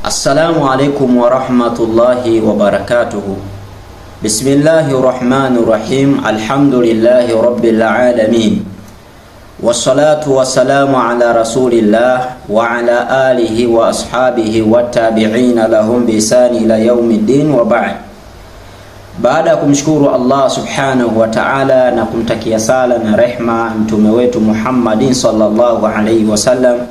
Assalamu alaikum warahmatullahi wabarakatuhu. Bismillahi rahmani rahim. Alhamdulillahi rabbil alamin wassalatu wassalamu ala rasulillah wa ala alihi wa ashabihi watabiina lahum biisani ila yaumi ddin wa ba'd. Baada ya kumshukuru Allah subhanahu wa ta'ala na kumtakia sala na rehma mtume wetu Muhammadin sallallahu alaihi wasallam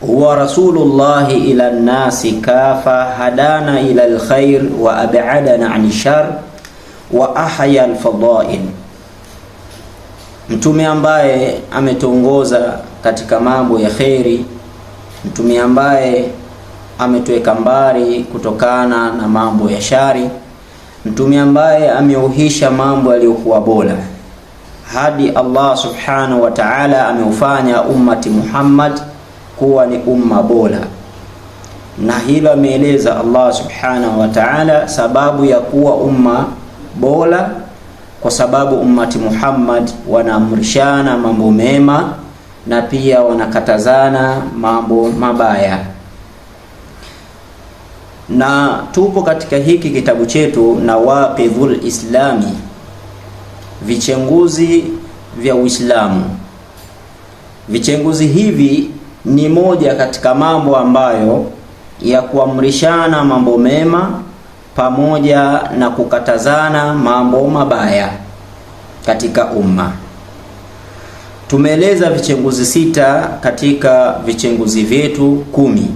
huwa rasulullahi ila nnasi kafa hadana ila lkhair wa abadana an shar wa ahya lfadail, mtume ambaye ametuongoza katika mambo ya kheri, mtume ambaye ametuweka mbali kutokana na mambo ya shari, mtume ambaye ameuhisha mambo yaliyokuwa bora hadi Allah subhanahu wa ta'ala ameufanya ummati Muhammad kuwa ni umma bora, na hilo ameeleza Allah subhanahu wa ta'ala, sababu ya kuwa umma bora kwa sababu ummati Muhammad wanaamrishana mambo mema na pia wanakatazana mambo mabaya. Na tupo katika hiki kitabu chetu Nawaqidhul Islami, vichenguzi vya Uislamu. Vichenguzi hivi ni moja katika mambo ambayo ya kuamrishana mambo mema pamoja na kukatazana mambo mabaya katika umma. Tumeeleza vichenguzi sita katika vichenguzi vyetu kumi.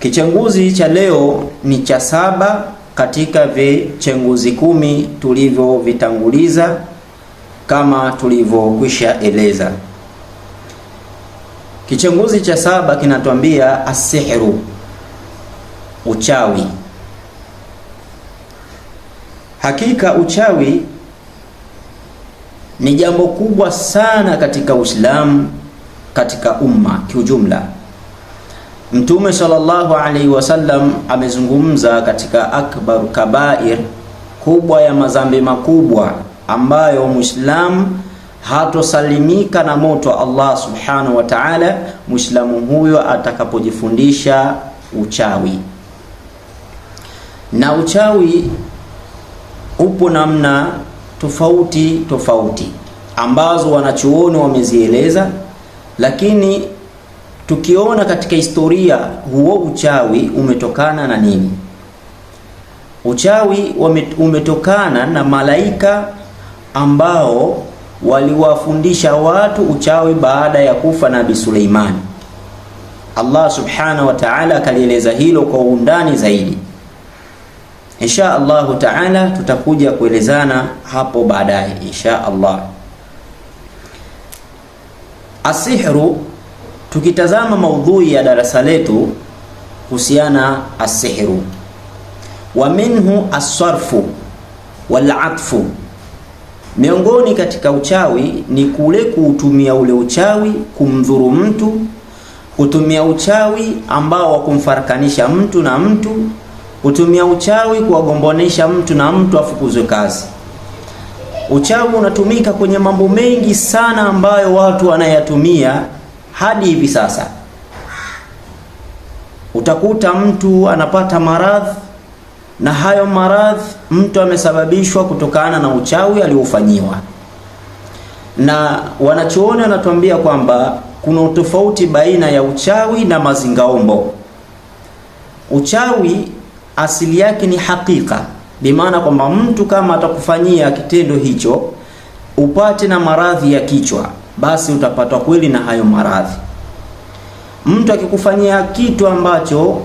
Kichenguzi cha leo ni cha saba katika vichenguzi kumi tulivyovitanguliza kama tulivyokwisha eleza. Kichunguzi cha saba kinatuambia asihru, uchawi. Hakika uchawi ni jambo kubwa sana katika Uislamu, katika umma kiujumla. Mtume sallallahu alaihi wasallam amezungumza katika akbar kabair, kubwa ya mazambi makubwa ambayo Muislamu hatosalimika na moto Allah subhanahu wa ta'ala, muislamu huyo atakapojifundisha uchawi. Na uchawi upo namna tofauti tofauti ambazo wanachuoni wamezieleza, lakini tukiona katika historia huo uchawi umetokana na nini? Uchawi umetokana na malaika ambao waliwafundisha watu uchawi baada ya kufa Nabi Suleimani. Allah subhanahu wa ta'ala akalieleza hilo kwa undani zaidi. Insha Allahu taala tutakuja kuelezana hapo baadaye insha Allah. Asihru, tukitazama maudhui ya darasa letu kuhusiana asihru, wa minhu asarfu walatfu Miongoni katika uchawi ni kule kuutumia ule uchawi kumdhuru mtu, kutumia uchawi ambao wa kumfarakanisha mtu na mtu, kutumia uchawi kuwagombonesha mtu na mtu afukuzwe kazi. Uchawi unatumika kwenye mambo mengi sana ambayo watu wanayatumia hadi hivi sasa. Utakuta mtu anapata maradhi na hayo maradhi mtu amesababishwa kutokana na uchawi aliofanyiwa. Na wanachuoni wanatuambia kwamba kuna utofauti baina ya uchawi na mazingaombo. Uchawi asili yake ni hakika, bimaana kwamba mtu kama atakufanyia kitendo hicho upate na maradhi ya kichwa, basi utapatwa kweli na hayo maradhi. Mtu akikufanyia kitu ambacho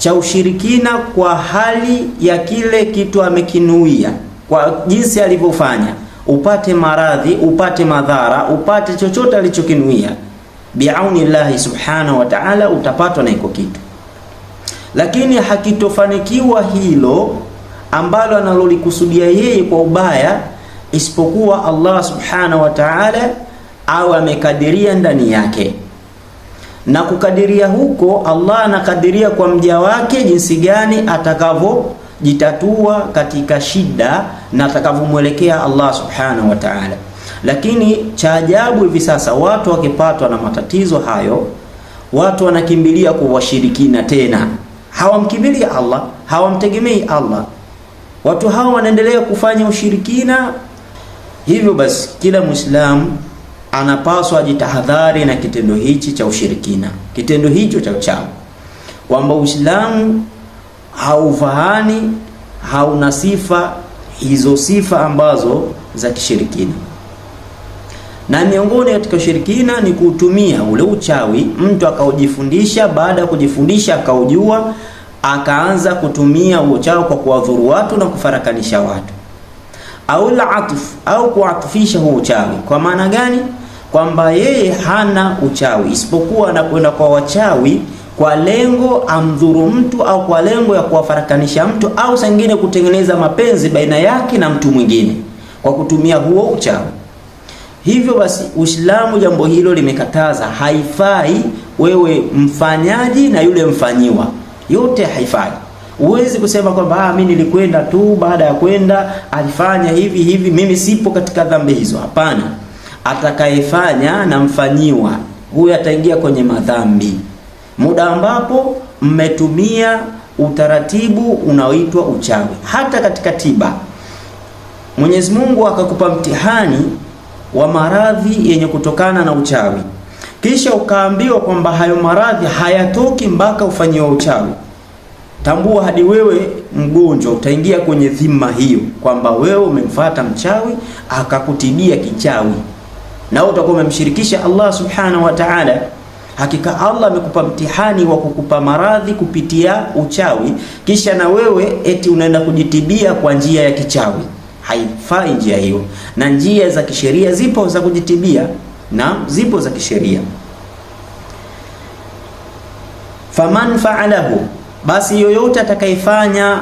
cha ushirikina kwa hali ya kile kitu amekinuia, kwa jinsi alivyofanya, upate maradhi, upate madhara, upate chochote alichokinuia, biauni llahi subhanahu wa ta'ala, utapatwa na iko kitu. Lakini hakitofanikiwa hilo ambalo analolikusudia yeye kwa ubaya, isipokuwa Allah subhanahu wa ta'ala au amekadiria ndani yake na kukadiria huko, Allah anakadiria kwa mja wake jinsi gani atakavyojitatua katika shida na atakavyomwelekea Allah subhanahu wa ta'ala. Lakini cha ajabu hivi sasa watu wakipatwa na matatizo hayo, watu wanakimbilia kwa washirikina tena, hawamkimbilia Allah, hawamtegemei Allah. Watu hawa wanaendelea kufanya ushirikina. Hivyo basi kila Muislamu anapaswa ajitahadhari na kitendo hichi cha ushirikina, kitendo hicho cha uchawi, kwamba Uislamu haufahani hauna sifa hizo sifa ambazo za kishirikina. Na miongoni katika ushirikina ni kuutumia ule uchawi, mtu akaujifundisha, baada ya kujifundisha akaujua, akaanza kutumia uchawi kwa kuwadhuru watu na kufarakanisha watu, au la atuf au kuatufisha huo uchawi. Kwa maana gani? kwamba yeye hana uchawi, isipokuwa anakwenda kwa wachawi kwa lengo amdhuru mtu au kwa lengo ya kuwafarakanisha mtu au sangine kutengeneza mapenzi baina yake na mtu mwingine kwa kutumia huo uchawi. Hivyo basi, Uislamu jambo hilo limekataza, haifai wewe mfanyaji na yule mfanyiwa, yote haifai. Huwezi kusema kwamba ah, mimi nilikwenda tu, baada ya kwenda alifanya hivi hivi, mimi sipo katika dhambi hizo. Hapana atakayefanya na mfanyiwa huyu ataingia kwenye madhambi, muda ambapo mmetumia utaratibu unaoitwa uchawi. Hata katika tiba, Mwenyezi Mungu akakupa mtihani wa maradhi yenye kutokana na uchawi, kisha ukaambiwa kwamba hayo maradhi hayatoki mpaka ufanyiwe uchawi. Tambua hadi wewe mgonjwa utaingia kwenye dhima hiyo, kwamba wewe umemfuata mchawi akakutibia kichawi na wewe utakuwa umemshirikisha Allah subhanahu wa ta'ala. Hakika Allah amekupa mtihani wa kukupa maradhi kupitia uchawi, kisha na wewe eti unaenda kujitibia kwa njia ya kichawi. Haifai njia hiyo, na njia za kisheria zipo za kujitibia na zipo za kisheria. Faman faalahu, basi yoyote atakayefanya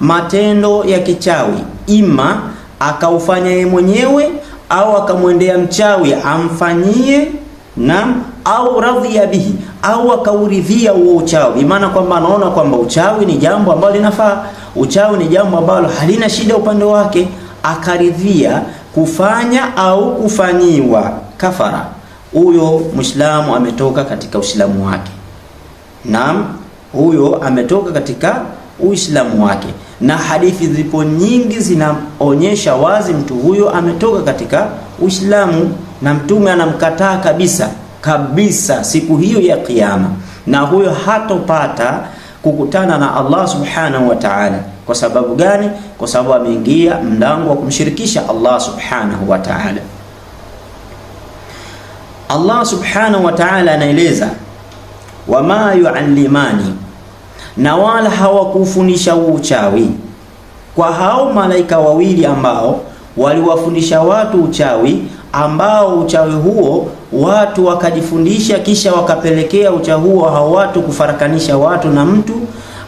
matendo ya kichawi, ima akaufanya yeye mwenyewe au akamwendea mchawi amfanyie na au radhiya bihi au akauridhia huo uchawi, maana kwamba anaona kwamba uchawi ni jambo ambalo linafaa, uchawi ni jambo ambalo halina shida upande wake, akaridhia kufanya au kufanyiwa kafara, huyo Muislamu ametoka katika Uislamu wake. Naam, huyo ametoka katika Uislamu wake, na hadithi zipo nyingi zinaonyesha wazi mtu huyo ametoka katika Uislamu, na mtume anamkataa kabisa kabisa siku hiyo ya Kiyama, na huyo hatopata kukutana na Allah subhanahu wa ta'ala. Kwa sababu gani? Kwa sababu ameingia mlango wa kumshirikisha Allah subhanahu wa ta'ala. Allah subhanahu wa ta'ala anaeleza wama yuallimani na wala hawakufundisha uchawi kwa hao malaika wawili ambao waliwafundisha watu uchawi, ambao uchawi huo watu wakajifundisha, kisha wakapelekea uchawi huo hao watu kufarakanisha watu na mtu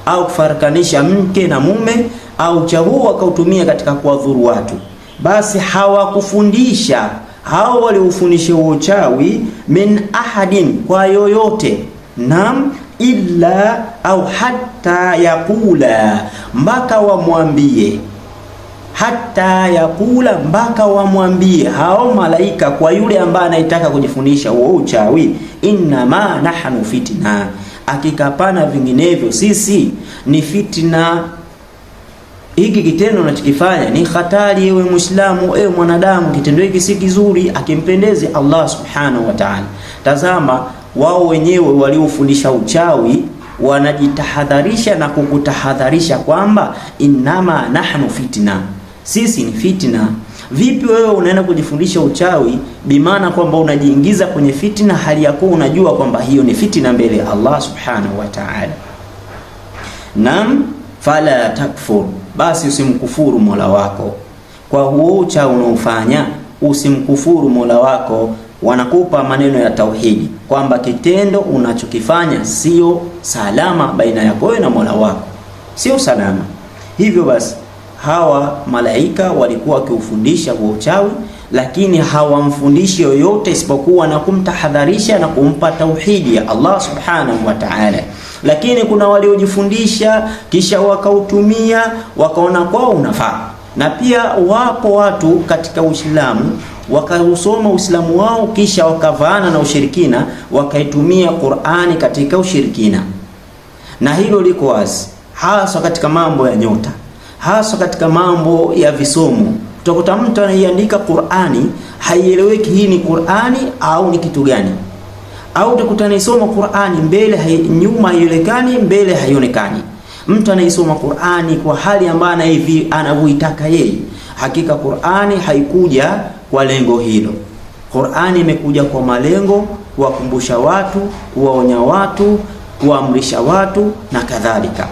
au kufarakanisha mke na mume, au uchawi huo wakautumia katika kuwadhuru watu. Basi hawakufundisha hao waliufundisha uchawi min ahadin, kwa yoyote nam illa au hatta yaqula, mpaka wamwambie. Hatta yaqula, mpaka wamwambie hao malaika kwa yule ambaye anaitaka kujifundisha huo uchawi, innama nahnu fitna, akikapana vinginevyo sisi ni fitna. Hiki kitendo unachokifanya ni hatari, ewe Muislamu, ewe mwanadamu, kitendo hiki si kizuri, akimpendezi Allah subhanahu wa ta'ala. Tazama wao wenyewe waliofundisha uchawi wanajitahadharisha na kukutahadharisha kwamba innama nahnu fitna, sisi ni fitna. Vipi wewe unaenda kujifundisha uchawi, bimaana kwamba unajiingiza kwenye fitna hali ya kuwa unajua kwamba hiyo ni fitna mbele ya Allah subhanahu wa ta'ala. Naam, fala takfur, basi usimkufuru mola wako kwa huo uchawi unaofanya, usimkufuru mola wako wanakupa maneno ya tauhidi kwamba kitendo unachokifanya sio salama baina yako wewe na Mola wako, sio salama. Hivyo basi hawa malaika walikuwa wakiufundisha huo uchawi, lakini hawamfundishi yoyote isipokuwa na kumtahadharisha na kumpa tauhidi ya Allah subhanahu wa ta'ala. Lakini kuna waliojifundisha kisha wakautumia wakaona kwao unafaa, na pia wapo watu katika Uislamu wakausoma Uislamu wao kisha wakavaana na ushirikina, wakaitumia Qur'ani katika ushirikina, na hilo liko wazi, hasa katika mambo ya nyota, hasa katika mambo ya visomo. Utakuta mtu anaiandika Qur'ani, haieleweki hii ni Qur'ani au ni kitu gani, au utakuta anaisoma Qur'ani mbele hai, nyuma haionekani, mbele haionekani. Mtu anaisoma Qur'ani kwa hali ambayo anavyoitaka yeye. Hakika Qur'ani haikuja kwa lengo hilo. Qur'ani imekuja kwa malengo kuwakumbusha watu, kuwaonya watu, kuwaamrisha watu na kadhalika,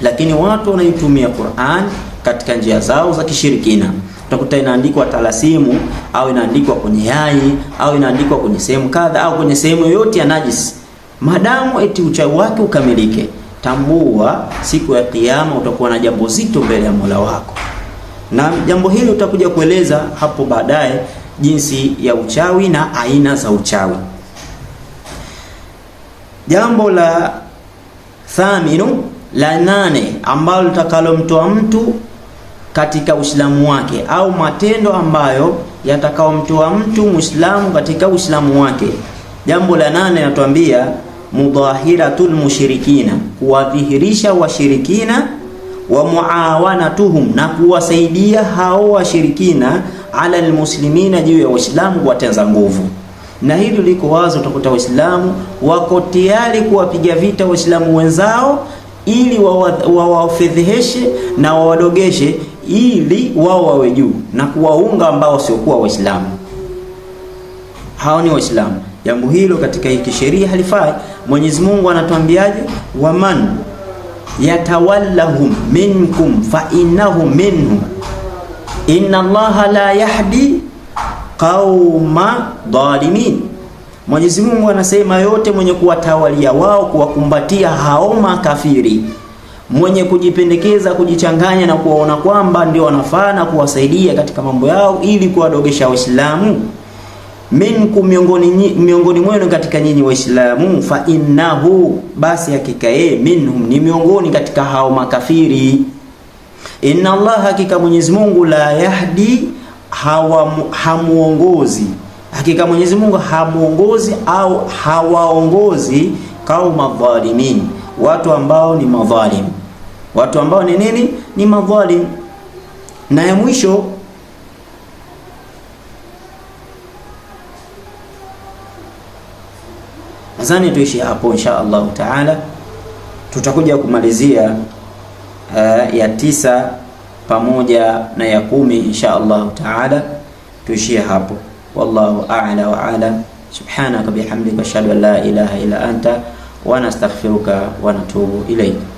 lakini watu wanaitumia Qur'an katika njia zao za kishirikina. Utakuta inaandikwa talasimu au inaandikwa kwenye yai au inaandikwa kwenye sehemu kadha au kwenye sehemu yoyote ya najis madamu eti uchawi wake ukamilike. Tambua siku ya Kiyama utakuwa na jambo zito mbele ya Mola wako na jambo hili utakuja kueleza hapo baadaye, jinsi ya uchawi na aina za uchawi. Jambo la thaminu la nane ambalo litakalomtoa mtu katika Uislamu wake au matendo ambayo yatakaomtoa mtu Muislamu katika Uislamu wake. Jambo la nane natuambia mudhahiratul mushrikina, kuwadhihirisha washirikina wa muawanatuhum, na kuwasaidia hao washirikina, ala almuslimina, juu ya Waislamu kuwatenza nguvu. Na hili liko wazi, utakuta Waislamu wako tayari kuwapiga vita Waislamu wenzao ili wawafedheheshe wa, wa na wawadogeshe ili wao wawe juu na kuwaunga ambao wasiokuwa Waislamu. Hao ni Waislamu. Jambo hilo katika hii kisheria halifai. Mwenyezi Mungu anatuambiaje? waman yatawallahum minkum fa innahu minhum inna Allaha la yahdi qauma dhalimin. Mwenyezi Mungu anasema yote mwenye kuwatawalia wao, kuwakumbatia hao makafiri, mwenye kujipendekeza, kujichanganya na kuwaona kwamba ndio wanafaa na kuwasaidia katika mambo yao ili kuwadogesha Waislamu minkum, miongoni miongoni mwenu katika nyinyi Waislamu, fa innahu, basi hakika yeye, minhum, ni miongoni katika hao makafiri. Inna Allah, hakika Mwenyezi Mungu, la yahdi, hawa hamuongozi, hakika Mwenyezi Mungu hamuongozi au hawaongozi qauma madhalimin watu ambao ni madhalim, watu ambao ni nini? Ni madhalim. Na ya mwisho nadhani tuishi hapo insha Allahu taala. Tutakuja kumalizia uh, ya tisa pamoja na ya kumi insha Allahu taala, tuishie hapo. Wallahu a'la wa a'lam. Subhanaka bihamdika ashhadu an la ilaha illa anta wa nastaghfiruka wa natubu ilayk.